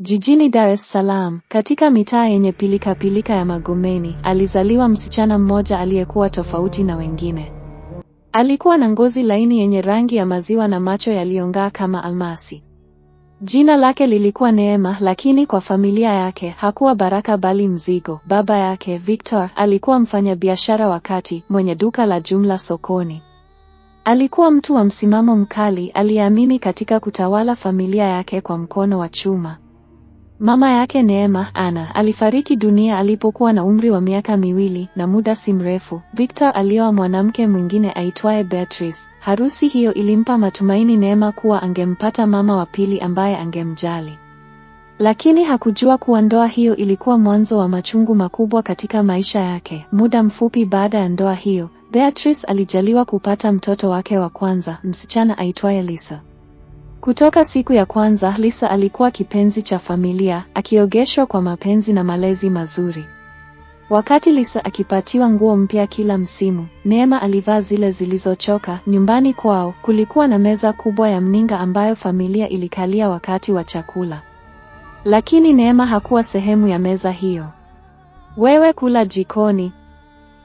Jijini Dar es Salaam, katika mitaa yenye pilikapilika ya Magomeni, alizaliwa msichana mmoja aliyekuwa tofauti na wengine. Alikuwa na ngozi laini yenye rangi ya maziwa na macho yaliyong'aa kama almasi. Jina lake lilikuwa Neema, lakini kwa familia yake hakuwa baraka bali mzigo. Baba yake Victor alikuwa mfanyabiashara wa kati, mwenye duka la jumla sokoni. Alikuwa mtu wa msimamo mkali, aliyeamini katika kutawala familia yake kwa mkono wa chuma. Mama yake Neema, Anna, alifariki dunia alipokuwa na umri wa miaka miwili na muda si mrefu, Victor alioa mwanamke mwingine aitwaye Beatrice. Harusi hiyo ilimpa matumaini Neema kuwa angempata mama wa pili ambaye angemjali. Lakini hakujua kuwa ndoa hiyo ilikuwa mwanzo wa machungu makubwa katika maisha yake. Muda mfupi baada ya ndoa hiyo, Beatrice alijaliwa kupata mtoto wake wa kwanza, msichana aitwaye Lisa. Kutoka siku ya kwanza Lisa alikuwa kipenzi cha familia, akiogeshwa kwa mapenzi na malezi mazuri. Wakati Lisa akipatiwa nguo mpya kila msimu, Neema alivaa zile zilizochoka. Nyumbani kwao kulikuwa na meza kubwa ya mninga ambayo familia ilikalia wakati wa chakula. Lakini Neema hakuwa sehemu ya meza hiyo. Wewe kula jikoni.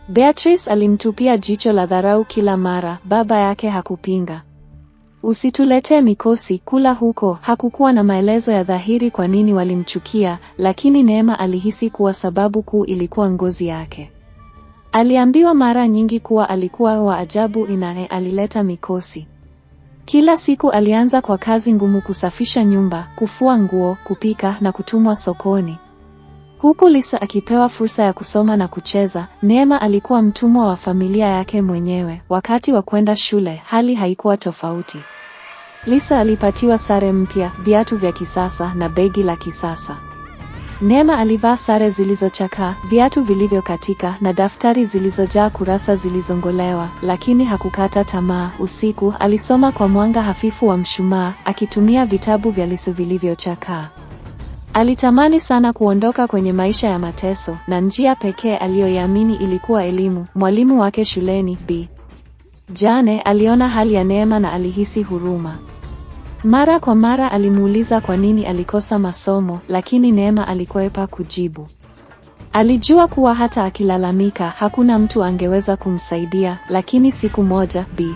Beatrice alimtupia jicho la dharau kila mara, baba yake hakupinga. Usituletee mikosi kula huko. Hakukuwa na maelezo ya dhahiri kwa nini walimchukia, lakini Neema alihisi kuwa sababu kuu ilikuwa ngozi yake. Aliambiwa mara nyingi kuwa alikuwa wa ajabu inaye alileta mikosi. Kila siku alianza kwa kazi ngumu: kusafisha nyumba, kufua nguo, kupika na kutumwa sokoni. Huku Lisa akipewa fursa ya kusoma na kucheza, Neema alikuwa mtumwa wa familia yake mwenyewe. Wakati wa kwenda shule, hali haikuwa tofauti. Lisa alipatiwa sare mpya, viatu vya kisasa na begi la kisasa. Neema alivaa sare zilizochakaa, viatu vilivyokatika na daftari zilizojaa kurasa zilizongolewa, lakini hakukata tamaa. Usiku, alisoma kwa mwanga hafifu wa mshumaa, akitumia vitabu vya Lisa vilivyochakaa. Alitamani sana kuondoka kwenye maisha ya mateso na njia pekee aliyoiamini ilikuwa elimu, mwalimu wake shuleni Bi. Jane aliona hali ya Neema na alihisi huruma. Mara kwa mara alimuuliza kwa nini alikosa masomo, lakini Neema alikwepa kujibu. Alijua kuwa hata akilalamika hakuna mtu angeweza kumsaidia, lakini siku moja Bi.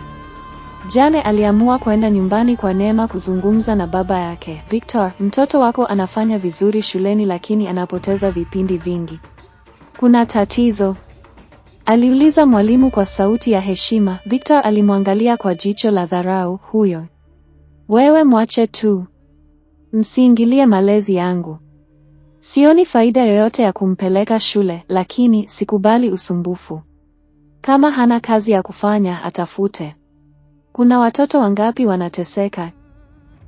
Jane aliamua kwenda nyumbani kwa Neema kuzungumza na baba yake. Victor, mtoto wako anafanya vizuri shuleni lakini anapoteza vipindi vingi. Kuna tatizo? Aliuliza mwalimu kwa sauti ya heshima. Victor alimwangalia kwa jicho la dharau, huyo. Wewe mwache tu. Msiingilie malezi yangu. Sioni faida yoyote ya kumpeleka shule, lakini sikubali usumbufu. Kama hana kazi ya kufanya, atafute. Kuna watoto wangapi wanateseka?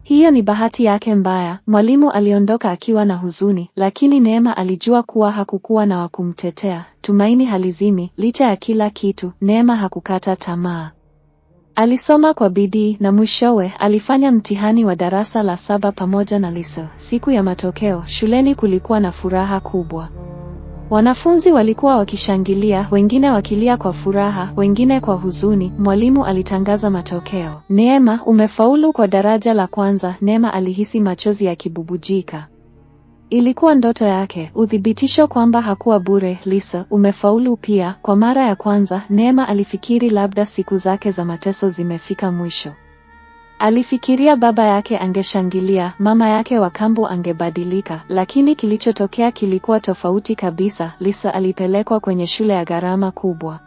Hiyo ni bahati yake mbaya. Mwalimu aliondoka akiwa na huzuni, lakini Neema alijua kuwa hakukuwa na wa kumtetea. Tumaini halizimi licha ya kila kitu. Neema hakukata tamaa. Alisoma kwa bidii na mwishowe alifanya mtihani wa darasa la saba pamoja na Lissu. Siku ya matokeo shuleni kulikuwa na furaha kubwa. Wanafunzi walikuwa wakishangilia, wengine wakilia kwa furaha, wengine kwa huzuni. Mwalimu alitangaza matokeo. Neema, umefaulu kwa daraja la kwanza. Neema alihisi machozi yakibubujika. Ilikuwa ndoto yake, uthibitisho kwamba hakuwa bure. Lisa, umefaulu pia. Kwa mara ya kwanza, Neema alifikiri labda siku zake za mateso zimefika mwisho. Alifikiria baba yake angeshangilia, mama yake wa kambo angebadilika, lakini kilichotokea kilikuwa tofauti kabisa. Lisa alipelekwa kwenye shule ya gharama kubwa.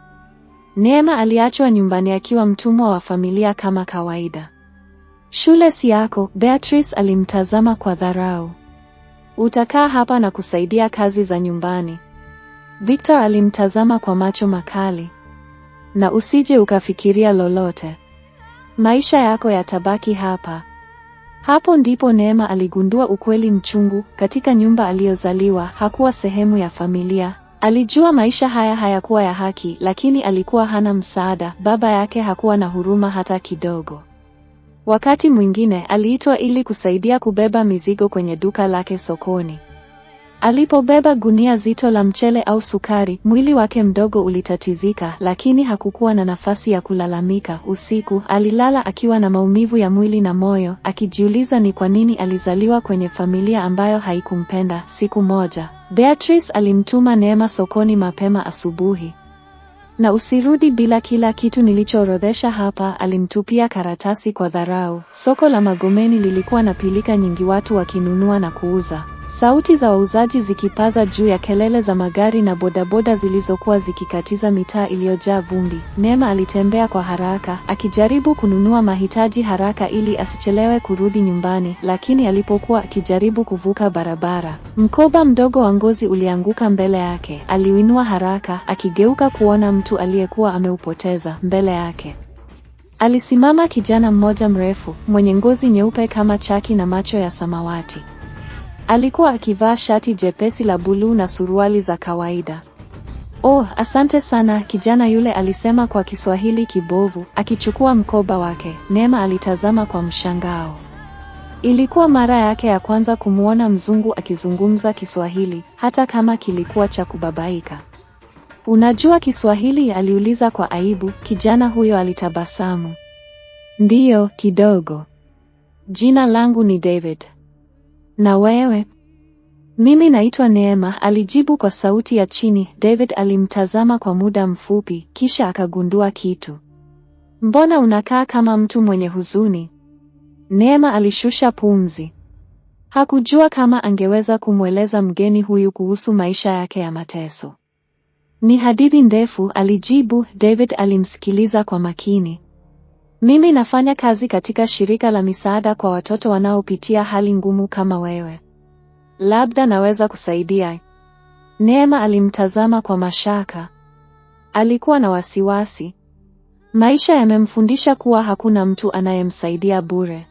Neema aliachwa nyumbani akiwa mtumwa wa familia kama kawaida. Shule si yako, Beatrice alimtazama kwa dharau. Utakaa hapa na kusaidia kazi za nyumbani. Victor alimtazama kwa macho makali. Na usije ukafikiria lolote maisha yako yatabaki hapa. Hapo ndipo Neema aligundua ukweli mchungu. Katika nyumba aliyozaliwa hakuwa sehemu ya familia. Alijua maisha haya hayakuwa ya haki, lakini alikuwa hana msaada. Baba yake hakuwa na huruma hata kidogo. Wakati mwingine aliitwa ili kusaidia kubeba mizigo kwenye duka lake sokoni. Alipobeba gunia zito la mchele au sukari, mwili wake mdogo ulitatizika, lakini hakukuwa na nafasi ya kulalamika. Usiku alilala akiwa na maumivu ya mwili na moyo, akijiuliza ni kwa nini alizaliwa kwenye familia ambayo haikumpenda. Siku moja, Beatrice alimtuma Neema sokoni mapema asubuhi. Na usirudi bila kila kitu nilichoorodhesha hapa. Alimtupia karatasi kwa dharau. Soko la Magomeni lilikuwa na pilika nyingi, watu wakinunua na kuuza Sauti za wauzaji zikipaza juu ya kelele za magari na bodaboda zilizokuwa zikikatiza mitaa iliyojaa vumbi. Neema alitembea kwa haraka, akijaribu kununua mahitaji haraka ili asichelewe kurudi nyumbani, lakini alipokuwa akijaribu kuvuka barabara, mkoba mdogo wa ngozi ulianguka mbele yake. Aliuinua haraka, akigeuka kuona mtu aliyekuwa ameupoteza mbele yake. Alisimama kijana mmoja mrefu, mwenye ngozi nyeupe kama chaki na macho ya samawati. Alikuwa akivaa shati jepesi la buluu na suruali za kawaida. Oh, asante sana, kijana yule alisema kwa Kiswahili kibovu, akichukua mkoba wake. Neema alitazama kwa mshangao. Ilikuwa mara yake ya kwanza kumwona mzungu akizungumza Kiswahili, hata kama kilikuwa cha kubabaika. Unajua Kiswahili? aliuliza kwa aibu. Kijana huyo alitabasamu. Ndiyo, kidogo. Jina langu ni David na wewe? Mimi naitwa Neema, alijibu kwa sauti ya chini. David alimtazama kwa muda mfupi, kisha akagundua kitu. Mbona unakaa kama mtu mwenye huzuni? Neema alishusha pumzi. Hakujua kama angeweza kumweleza mgeni huyu kuhusu maisha yake ya mateso. Ni hadithi ndefu, alijibu. David alimsikiliza kwa makini. Mimi nafanya kazi katika shirika la misaada kwa watoto wanaopitia hali ngumu kama wewe. Labda naweza kusaidia. Neema alimtazama kwa mashaka. Alikuwa na wasiwasi. Maisha yamemfundisha kuwa hakuna mtu anayemsaidia bure.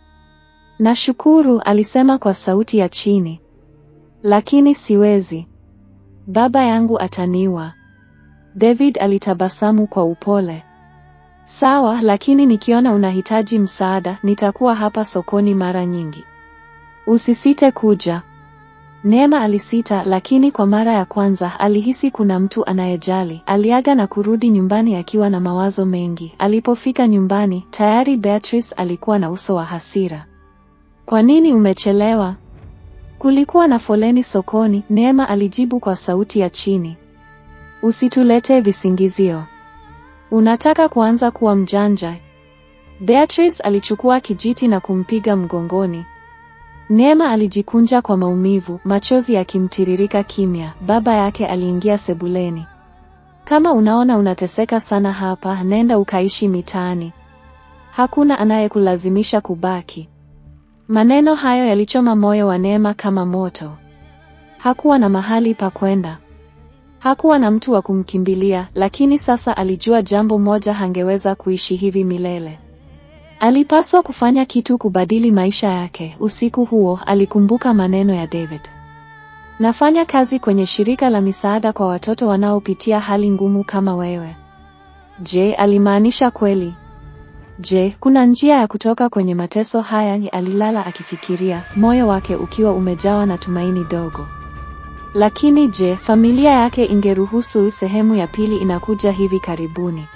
Nashukuru, alisema kwa sauti ya chini. Lakini siwezi. Baba yangu ataniwa. David alitabasamu kwa upole. Sawa, lakini nikiona unahitaji msaada nitakuwa hapa sokoni mara nyingi. Usisite kuja. Neema alisita, lakini kwa mara ya kwanza alihisi kuna mtu anayejali. Aliaga na kurudi nyumbani akiwa na mawazo mengi. Alipofika nyumbani, tayari Beatrice alikuwa na uso wa hasira. Kwa nini umechelewa? Kulikuwa na foleni sokoni, Neema alijibu kwa sauti ya chini. Usituletee visingizio. Unataka kuanza kuwa mjanja? Beatrice alichukua kijiti na kumpiga mgongoni. Neema alijikunja kwa maumivu, machozi yakimtiririka kimya. Baba yake aliingia sebuleni. Kama unaona unateseka sana hapa, nenda ukaishi mitaani. Hakuna anayekulazimisha kubaki. Maneno hayo yalichoma moyo wa Neema kama moto. Hakuwa na mahali pa kwenda. Hakuwa na mtu wa kumkimbilia, lakini sasa alijua jambo moja: hangeweza kuishi hivi milele. Alipaswa kufanya kitu kubadili maisha yake. Usiku huo alikumbuka maneno ya David. Nafanya kazi kwenye shirika la misaada kwa watoto wanaopitia hali ngumu kama wewe. Je, alimaanisha kweli? Je, kuna njia ya kutoka kwenye mateso haya? Alilala akifikiria, moyo wake ukiwa umejawa na tumaini dogo. Lakini je, familia yake ingeruhusu? Sehemu ya pili inakuja hivi karibuni.